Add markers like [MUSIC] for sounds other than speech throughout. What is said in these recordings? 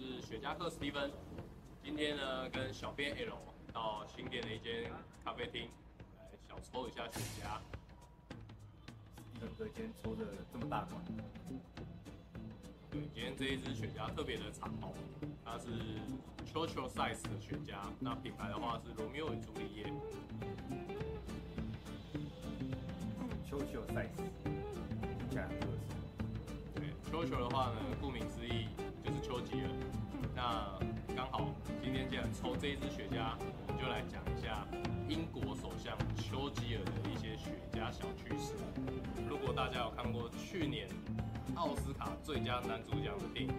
是雪茄客史蒂芬，今天呢，跟小編 L 到新店的一間咖啡廳來小抽一下雪茄。史蒂芬今天抽的這麼大管？對，今天這一支雪茄特別的長，它是 Churchill size 的雪茄，那品牌的話是羅密歐與朱麗葉。Churchill size，對，Churchill 的話呢，顧名思義就是丘吉爾。那剛好今天既然抽這一支雪茄，我們就來講一下英國首相丘吉爾的一些雪茄小趣事。如果大家有看過去年奧斯卡最佳男主角的電影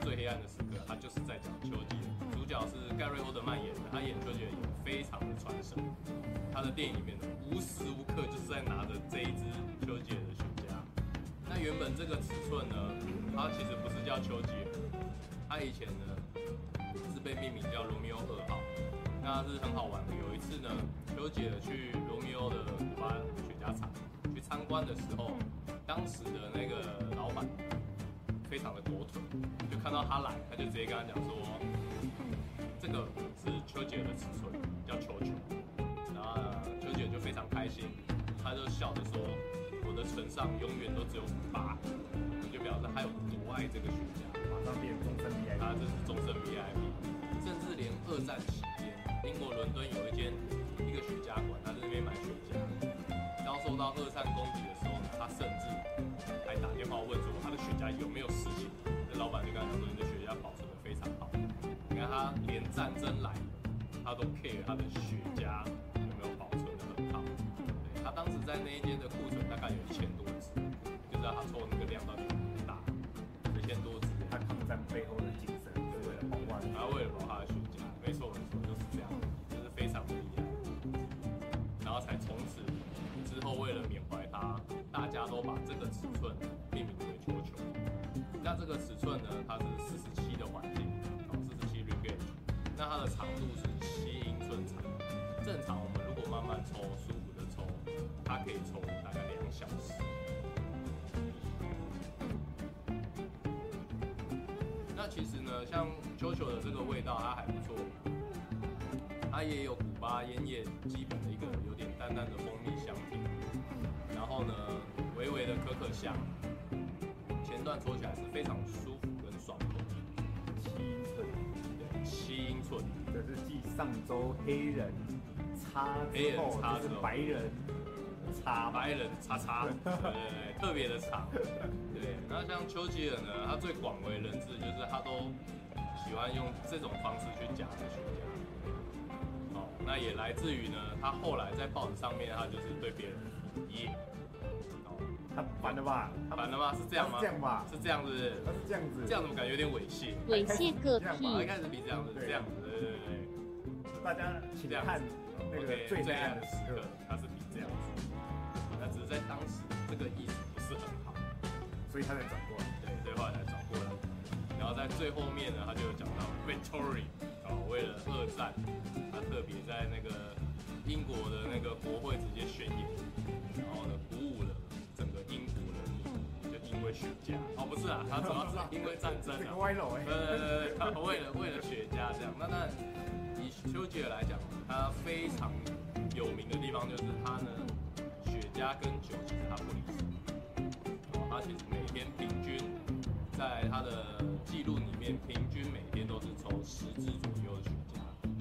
《最黑暗的時刻》，他就是在講丘吉爾，主角是蓋瑞歐德曼演的，他演丘吉爾也非常的傳神。他的電影裡面呢，無時無刻就是在拿着這一支丘吉爾的雪茄。那原本這個尺寸呢，它其實不是叫丘吉爾。他以前呢是被命名叫羅密歐二號，那是很好玩的。有一次呢，邱吉爾去羅密歐的古巴的雪茄廠去參觀的時候，當時的那個老闆非常的狗腿，就看到他來，他就直接跟他講說：“這個是邱吉爾的尺寸，叫球球。”然後呢，邱吉爾就非常開心，他就笑着說：“我的唇上永遠都只有八。”就表示他有多愛這個雪茄。上邊終身 VIP，他這是終身 VIP，甚至連二戰期間，英國倫敦有一間一個雪茄館，他在那邊買雪茄，遭受到二戰攻擊的時候，他甚至還打電話問說他的雪茄有沒有事情。那老闆就跟他講說，你的雪茄保存得非常好。你看他連戰爭來，他都 care 他的雪茄有沒有保存得很好。對，他當時在那一間的庫存大概有一千多支。啊、這個尺寸命名為邱吉爾，那這個尺寸呢，它是四十七的環境，四十七 ring gauge 那它的長度是七英寸長。正常我們如果慢慢抽，舒服的抽，它可以抽大概兩小時。那其實呢，像邱吉爾的這個味道，它還不錯，它也有古巴菸葉，岩岩基本的一個有點淡淡的蜂蜜香甜，然後呢。微微的可可香，前段搓起來是非常舒服、很爽口。七寸，對，七英寸。這是繼上周黑人叉，黑人叉叉，白人叉，白人叉叉，對，對，特別的長。對，那像丘吉爾呢，他最廣為人知就是他都喜歡用這種方式去夾雪茄。哦，那也來自於呢，他後來在報紙上面，他就是對別人一。煩了吧？煩了嗎？是這樣嗎？是這樣吧？是這樣子。那是這樣子。這樣怎麼感覺有點猥褻。猥褻個屁！他開始比這樣子，嗯，這樣子，對對對。大家請看那個最暗 okay, 最愛的時刻，他是比這樣子。他只是在當時這個意思不是很好，所以他才轉過來。對，所以後來才轉過來。然後在最後面呢，他就講到 Victory，哦，為了二戰，他特別在那個英國的那個國會直接宣言，然後呢。雪茄哦，oh, 不是啊，他主要是因為戰爭啊、 [LAUGHS] 嗯，對對對對，他為了為了雪茄這樣。那那以丘吉爾來講，他非常有名的地方就是他呢，雪茄跟酒其實他不離身。哦，他其實每天平均在他的記錄裡面，平均每天都是抽十支左右的雪茄。嗯、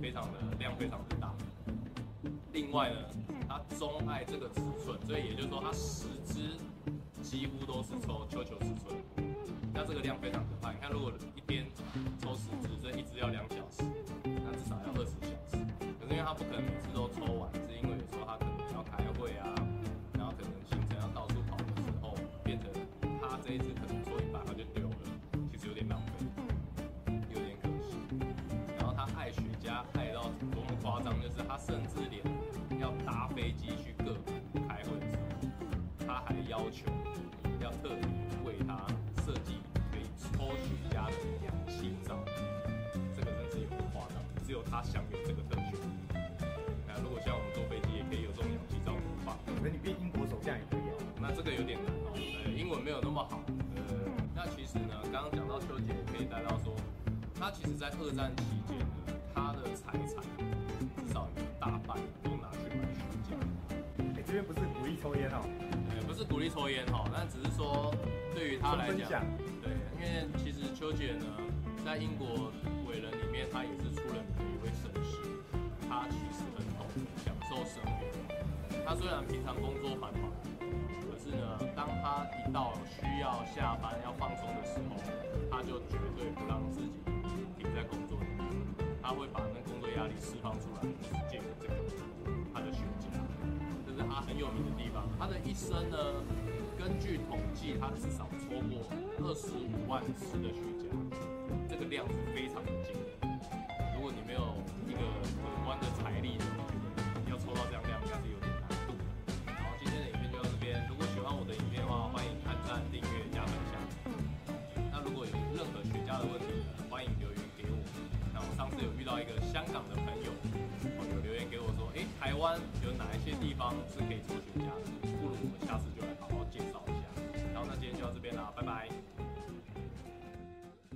非常的量非常的大。另外呢，他鍾愛這個尺寸，所以也就是說他十支。幾乎都是抽邱吉爾尺寸，那這個量非常可怕。你看，如果一天抽十支，這一支要兩小時，那至少要二十小時。可是因為他不可能每次都抽完，是因為有時候他可能要開會啊，然後可能行程要到處跑的時候，變成他這一支可能抽一半他就丟了，其實有點浪費，有點可惜。然後他愛雪茄愛到多麼誇張，就是他甚至連要搭飛機去各國開會的時候，他還要求。他享有這個特權。那如果像我們坐飛機也可以有這種氧氣罩的話，可能你變英國首相也不要、啊哦。那這個有點難哦，呃，英文沒有那麼好。呃、嗯嗯，那其實呢，剛剛講到邱吉爾也可以帶到說，他其實，在二戰期間呢，他的財產至少有大半都拿去買雪茄。哎、欸，這邊不是鼓勵抽煙哦。呃，不是鼓勵抽煙哦，那只是說，對於他來講，對，因為其實邱吉爾呢，在英國偉人裡面，他也是。雖然平常工作繁忙，可是呢，當他一到需要下班要放鬆的時候，他就絕對不讓自己停在工作裡面。他會把那工作壓力釋放出來，借着這個他的雪茄，這是他很有名的地方。他的一生呢，根據統計，他至少抽過二十五萬次的雪茄，這個量是非常的驚人。如果你沒有一個可觀的財力的，香港的朋友有留言給我說：“哎、欸，台灣有哪一些地方是可以抽雪茄的？”